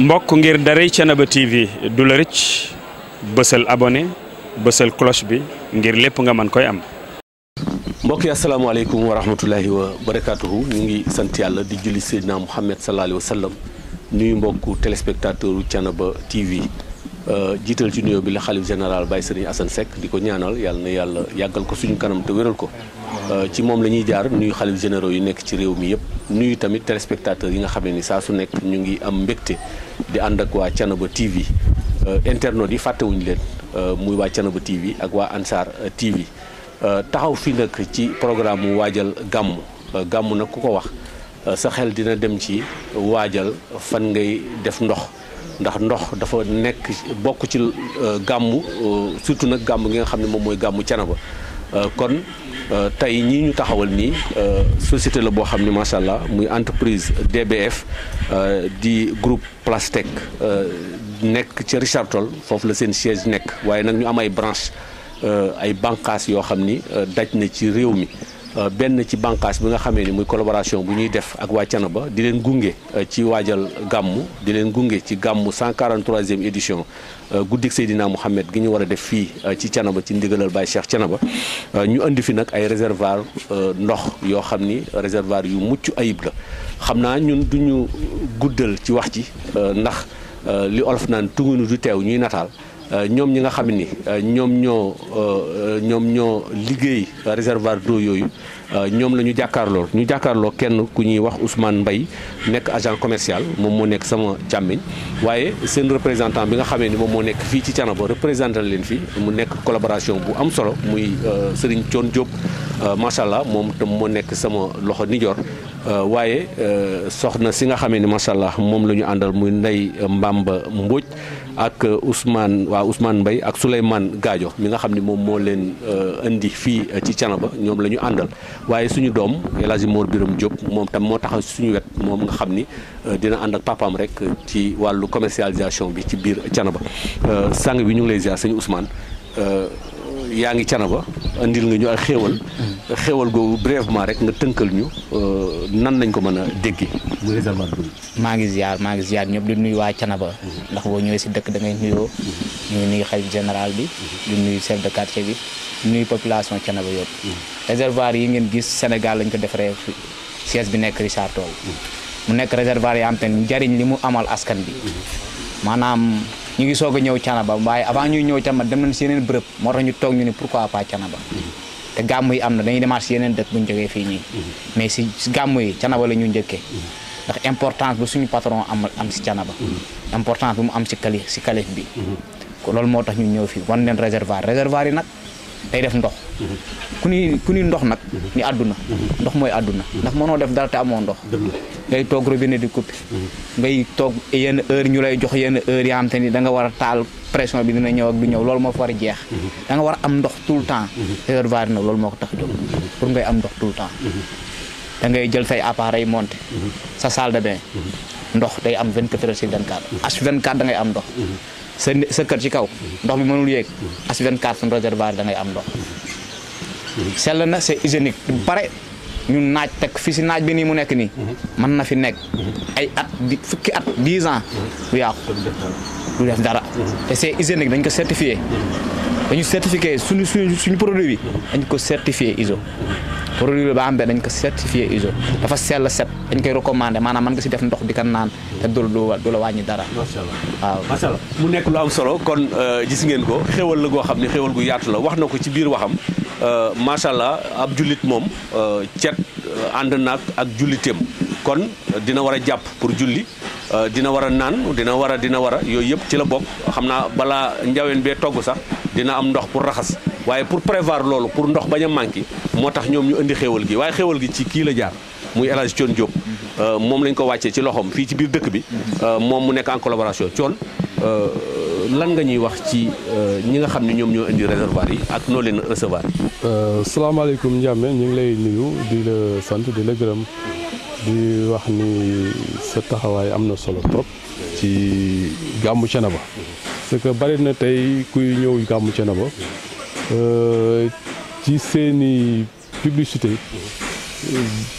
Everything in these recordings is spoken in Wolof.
mbokk ngir daray Thiénaba TV du la rëcc bësal abone bësal cloche bi ngir lépp nga mën koy am mbokk yi asalaamaaleykum wa rahmatullahi wa barakaatuhu ñu ngi sant yàlla di julli seydina Muhammad sallallahu alayhi wa sallam nuyu mbokk téléspectateur u Thiénaba TV euh, jiital ci nuyoo bi la xalif général Baye Serigne Assane Seck di ko ñaanal yàlla na yàlla yàggal ko suñu kanam te wéral ko euh, ci moom la ñuy jaar nuyu xalif généraux yi nekk ci réew mi yëpp nuyu tamit yi nga xam ne ni saa su nekk ñu ngi am mbégte di ànd ak waa Thiénaba TV euh, internautes yi fàttewuñu leen euh, muy waa Thiénaba TV ak waa Ansar euh, TV taxaw fi nag ci programme mu waajal gàmm gàmmu nag ku ko wax sa xel dina dem ci waajal fan ngay def ndox ndax ndox dafa nekk bokk ci gàmm surtout nag gàmm gi nga xam ne moom mooy gàmmu Thiénaba Euh, kon euh, tey ñii ñu taxawal nii euh, société la boo xam ni macha allah muy entreprise DBF di groupe Plastec nekk ca Richard Toll foofu la seen chaise nekk waaye nag ñu am ay branche ay bànqaas yoo xam ni daj na ci réew mi. Euh, benn ci bànqaas bi nga xamee ni muy collaboration bu ñuy def ak waa Canaba di leen gunge euh, ci waajal gàmmu di leen gunge ci gàmmu 143e édition euh, guddik Seydina Mouhamed gi ñu war a def fii ci Canaba ci ndigalal Baye Cheikh Canaba ñu indi fi nag ay réservoir ndox yoo xam ni réservoir yu mucc ayib la xam naa ñun duñu guddal ci wax ci ndax li olof naan tungunu du teew ñuy nataal Euh, ñoom ñi nga xam ni euh, ñoom ñoo euh, ñoom ñoo liggéey réservoir d'eau yooyu ñoom la ñu jàkkaarloo ñu jàkkaarloo kenn ku ñuy wax Ousmane mbay nekk agent commercial moom moo nekk sama càmmiñ waaye seen représentant bi nga xamee ni moom moo nekk fii ci Thiénaba la leen fii mu nekk collaboration bu am solo muy Serigne Thion jóg macha allah moom tam moo nekk sama loxo nijoor Euh, waaye euh, soxna si nga xamee ni macha allah moom la ñu àndal muy Ndey ba Mbodj ak euh, usmaan waa usmaan mbay ak Souleymane gaajo mi nga xam ni moom moo leen indi fii ci Thiénaba ñoom la ñu àndal waaye suñu doom El Hadji Mor Biram moom tam moo taxaw suñu wet moom nga xam ni dina ànd ak papaam rek ci wàllu commercialisation bi ci biir Thiénaba sang bi ñu ngi lay ziar sëñ yaa ngi canaba andil nga ñu ak xéewal mm. xéewal googu brièvement rek nga tënkal ñu euh, nan lañ ko mën a déggi maa ngi ziar maa ngi ziar ñëpp di nuyu waa canaba mm-hmm. ndax boo ñëwee si dëkk da ngay nuyoo ñu mm-hmm. nuyu xalif général bi mm-hmm. di nuyu chef de quartier bi nuy population canaba yëpp réservoir yi ngeen gis Sénégal lañ ko defaree siège bi nekk Richard tool mu nekk réservoir yi am te njariñ li mu amal askan bi maanaam ñu ngi soog a ñëw Canaba waaye avant ñuy ñëw Canaba dem nañ si yeneen bërëb moo tax ñu toog ñu ne pourquoi pas Canaba mm-hmm. te gàmm yi am na dañuy demaat si yeneen dëkk bu jogee jógee fii nii mm-hmm. mais si gàmm yi Canaba la ñu njëkkee mm-hmm. ndax importance bu suñu patron am am si Canaba importance bu mu am si cali si calife bi loolu moo tax ñu ñëw fii wan réservoir réservoir yi day def ndox ku ni ku ni ndox nag ni àdduna ndox mooy àdduna ndax mënoo def dara te amoo ndox ngay toog robinet di coupé ngay toog yenn heure ñu lay jox yenn heure yoo ni da nga war a taal pression bi dina ñëw ak du ñëw loolu moo fa war a jeex da nga war a am ndox tout le temps heure vaari na loolu moo ko tax jóg pour ngay am ndox tout le temps dangay jël say appareil monté sa salle de bain ndox day am 24 heures sur 24 as 24 da ngay am ndox sa sa kër ci kaw ndox bi mënul yéeg as 24 suñu réservoir da ngay am ndox sell na c'est hygiénique pare ñu naaj teg fi si naaj bi nii mu nekk nii mën na fi nekk ay at di fukki at 10 ans du yàqu du def dara te c'est hygiénique dañ ko certifié dañu certifié suñu suñu suñu produit bi dañ ko certifié ISO produit la ba xam ne dañ ko certifié ISO dafa sell set dañ koy recommandé maanaam mën nga si def ndox di ko naan te du du la wàññi dara waaw macha allah mu nekk lu am solo kon euh, gis ngeen ko xéwal la goo xam ne xéwal gu yaatu la wax na ko ci biir waxam euh, macha allah ab jullit moom euh, cet ànd nag ak julliteem kon dina war a jàpp pour julli dina war a naan dina war a dina war a yooyu yëpp ci la bokk xam naa balaa njaween bee togg sax dina am ndox pour raxas waaye pour prévoir loolu pour ndox bañ a manqué moo tax ñoom ñu indi xéwal gi waaye xéwal gi ci kii la jaar muy El Hadj Thion euh, moom lañ ko wàccee ci loxoom fii ci biir dëkk bi euh, moom mu nekk en collaboration Thion euh, lan nga ñuy wax ci ñi nga xam ne ñoom ñoo indi réservoir yi ak noo leen recevoir salaamaaleykum Ndiame ñu ngi lay nuyu di la sant di la gërëm di wax ni sa taxawaay am na solo trop ci gàmmu Thiénaba parce que bari na tey kuy ñëw gàmmu Thiénaba Euh, ci seeni publicité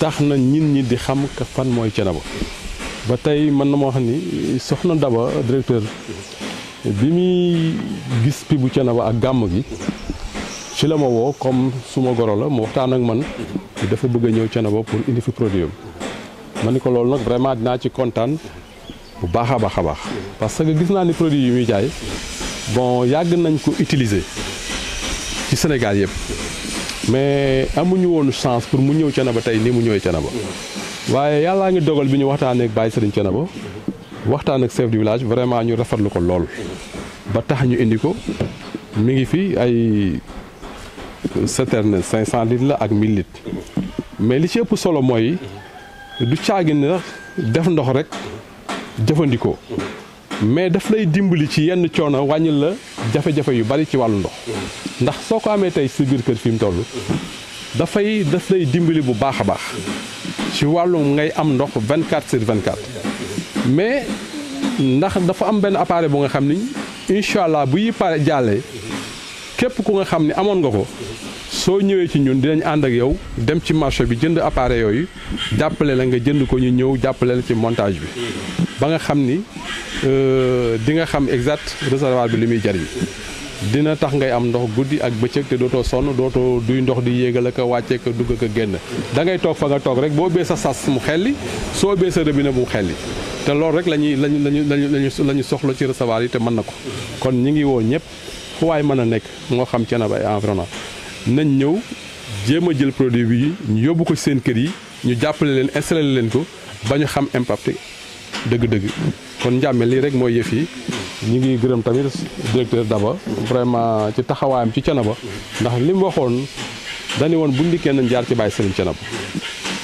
tax na nit ñi di xam ka fan mooy Thiénaba ba tey mën na moo xam ni soxna Daba directeur bi muy gis pi bu Thiénaba ak gàmm gi ci la ma woo comme suma goro la mu waxtaan ak man dafa bëgg a ñëw Thiénaba pour indi fi produit ma ni ko loolu nag vraiment dinaa ci kontaan bu baax a baax a baax parce que gis naa ni produit yi muy jaay bon yàgg nañ ko utiliser ci Sénégal yëpp mais amuñu woon chance pour mu ñëw Thiénaba tey nii mu ñëwee Thiénaba waaye yàllaa ngi dogal bi ñu waxtaanee ak Baye Serigne Thiénaba waxtaan ak chef du village vraiment ñu rafetlu ko lool ba tax ñu indi ko mi ngi fi ay citerne 500 litres la ak 1000 mais li ci ëpp solo mooy du caagin na def ndox rek jëfandikoo mais daf lay dimbali ci yenn coono wàññil la. jafe-jafe yu bari ci wàllu ndox ndax soo ko amee tey si kër fi mu toll dafay daf lay dimbali bu baax a baax ci wàllu ngay am ndox 24 sur 24 mais ndax dafa am benn appareil bu nga xam ni incha allah bu yi pare jàllee képp ku nga xam ni amoon nga ko soo ñëwee ci ñun dinañ ànd ak yow dem ci marché bi jënd appareil yooyu jàppale la nga jënd ko ñu ñëw jàppale la ci montage bi ba nga xam ni euh, di nga xam exact réservoir bi li muy jariñ dina tax ngay am ndox guddi ak bëccëg te dootoo sonn dootoo duy ndox di yéegal ak a wàccee ak dugg ak a génn da ngay toog fa nga toog rek boo bee sa sas mu xelli soo bee sa robinet mu xelli te loolu rek la ñuy la ñu la ñu soxla ci réservoir yi te mën na ko kon ñi ngi woo ñëpp fu waay mën a nekk moo xam Thiénaba ay environnement nañ ñëw jéem a jël produit bi ñu yóbbu ko ci seen kër yi ñu jàppale leen installé leen ko ba ñu xam impact dëgg-dëgg kon njàmme lii rek mooy yëf yi ñu ngi gërëm tamit directeur Daba vraiment ci taxawaayam ci Thiénaba ndax li waxoon dañu woon bu ndikkee nañ jaar ci Baye Serigne Thiénaba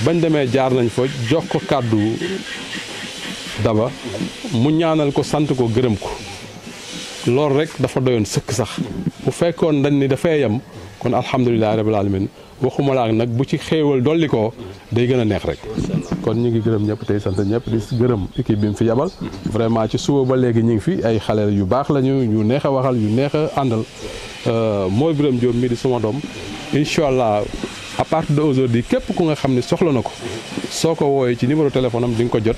bañ demee jaar nañ foo jox ko kàddu Daba mu ñaanal ko sant ko gërëm ko loolu rek dafa doyoon sëkk sax bu fekkoon dañ ni dafay yem kon alhamdulilahi rabil alamin waxuma laa nag bu ci xéewal dolli ko day gën a neex rek kon ñu ngi gërëm ñëpp tey sant ñëpp di gërëm équipe bi mu fi yabal vraiment ci suba ba léegi ñu ngi fi ay xale yu baax lañu ñu neex a waxal yu neex a àndal euh, mooy Birame Diop mii di suma doom incha allah à partir d'aujourd'hui képp ku nga xam ne soxla na ko soo ko wooyee ci numéro téléphone am di nga ko jot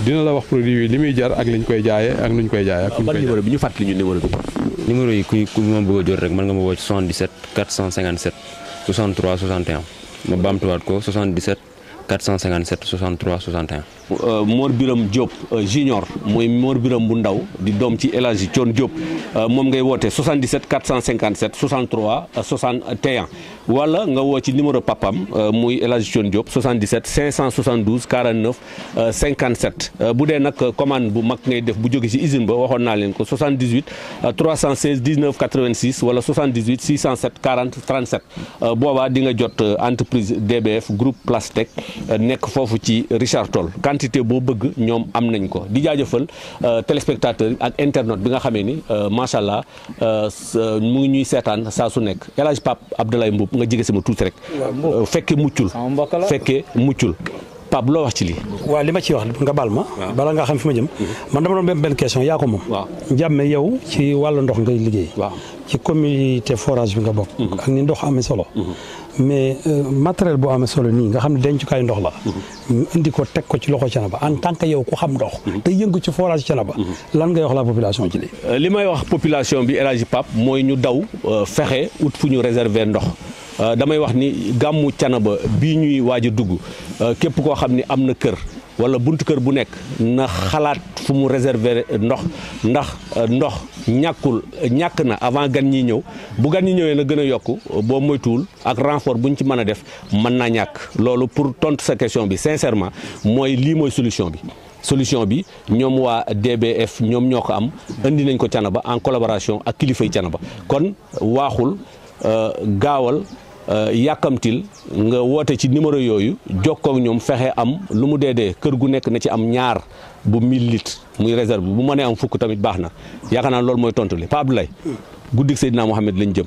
dina la wax produit yi li muy jar ak li ñu koy jaayee ak nu ñu koy jaayee. ak fu ñu ah, koy numéro bi ñu fàttali ñu numéro bi. numéro yi ma bëgg a mën nga ma woo ci 77 457 63 61 ma baamtuwaat ko 77. 457 63 61. Mor Biram Diop euh, junior mooy moor Biram bu ndaw di doom ci El Hadji Thion euh, moom ngay woote 77 457 63 61 wala nga woo ci numéro papam euh, muy El Hadji Thion Diop 77 572 49 57 bu dee nag commande bu mag ngay def bu jóge ci usine ba waxoon naa leen ko 78 316 19 86 wala 78 607 di nga jot entreprise DBF groupe Plastec Euh, nekk foofu ci Richard Toll quantité boo bëgg ñoom am nañ ko di jaajëfal euh, téléspectateur ak internet bi nga xamee ni euh, macha allah mu ngi ñuy seetaan saa su nekk El pap Pape Abdoulaye Mboup nga jige ma tuuti rek. fekkee muccul fekkee muccul. Pape loo wax ci lii. waaw li ma ciy wax nga baal ma. bala nga xam fi ma jëm. Mhm. man dama doon benn benn question yaa ko moom. waaw jàmme ci wàllu ndox ngay liggéey. waaw ci communauté forage bi nga bokk. Mhm. ak ni ndox amee solo. Mhm. mais euh, matériel boo amee solo nii nga xam ne dencukaay ndox la. ñu indi ko teg ko ci loxo Thiénaba en tant que yow ku xam ndox. te yëngu ci forage Thiénaba. lan ngay wax la population ci lii. Euh, li may wax population bi El Hadj Pape mooy ñu daw euh, fexe ut fu ñu réserver ndox damay wax ni gàmmu Thiénaba bi ñuy waaj a dugg. Euh, képp koo xam ni am na kër wala bunt kër bu nekk na xalaat fu mu réserver ndox ndax euh, ndox ñàkkul ñàkk na avant gan ñi ñëw bu gan ñi ñëwee na gën a yokk boo moytuwul ak renfort bu ñu ci mën a def mën naa ñàkk loolu pour tontu sa question bi sincèrement mooy lii mooy solution bi. solution bi ñoom waa DBF ñoom ñoo ko am indi nañ ko Thiénaba en collaboration ak kilifay Thiénaba kon waaxul euh, gaawal. Euh, yàkkamtil nga woote ci numéro yooyu jokkoo ak ñoom fexe am lu mu dee dee kër gu nekk na ci am ñaar bu 1000 litres muy réserve bu mënee am fukk tamit baax na yaakaar naa loolu mooy tontu li Pape Abdoulaye guddik Seydina Mohamed lañ jëm.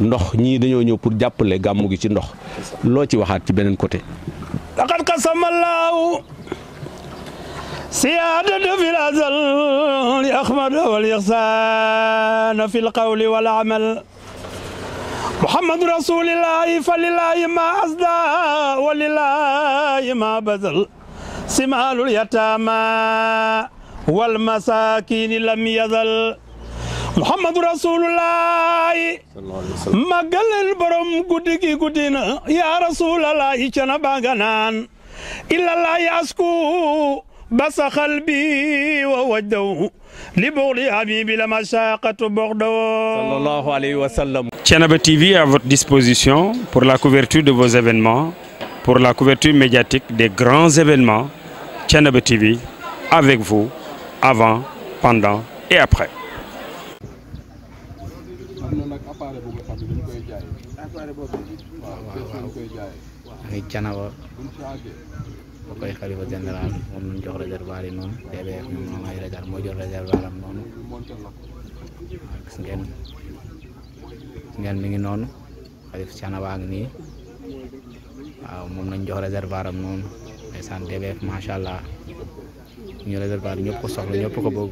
ndox ñii dañoo ñëw pour jàppale gàmmu gi ci ndox. loo ci waxaat ci beneen côté. laqad qasama Allahu siyaadata fil azal li Ahmad wal ihsaan fil qawli wal amal. محمد رسول الله فلله ما أصدى ولله ما بذل سمال اليتامى والمساكين لم يذل محمد رسول الله مقل البرم قدك قدنا يا رسول الله جنبا غنان إلا الله يسكو بس قلبي ووجده لبغل حبيبي لمشاقة بغده صلى الله عليه وسلم Thiénaba TV à votre disposition pour la couverture de vos événements, pour la couverture médiatique des grands événements. Thiénaba TV avec vous avant, pendant et après. koy xalifa général moom lañ jox réservoir yi noonu TBF moom moom moo jox réservoir am noonu waaw gis ngeen gis mi ngi noonu nii waaw moom lañ jox réservoir am noonu ndeysaan TBF macha allah ñu réservoir ñëpp ko soxla ñëpp ko bëgg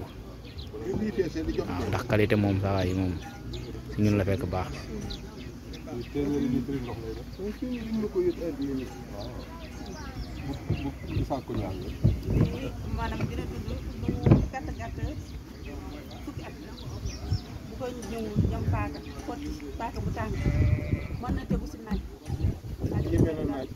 waaw ndax qualité moom saa waay moom si ñun la fekk baax. bu bu sàkku ñaan la. maanaam dina dund lu gàtt gàtt fukki at bu ko ñëwul jëm paaka xotti paaka bu tàng mën na tegu si naaj. naaj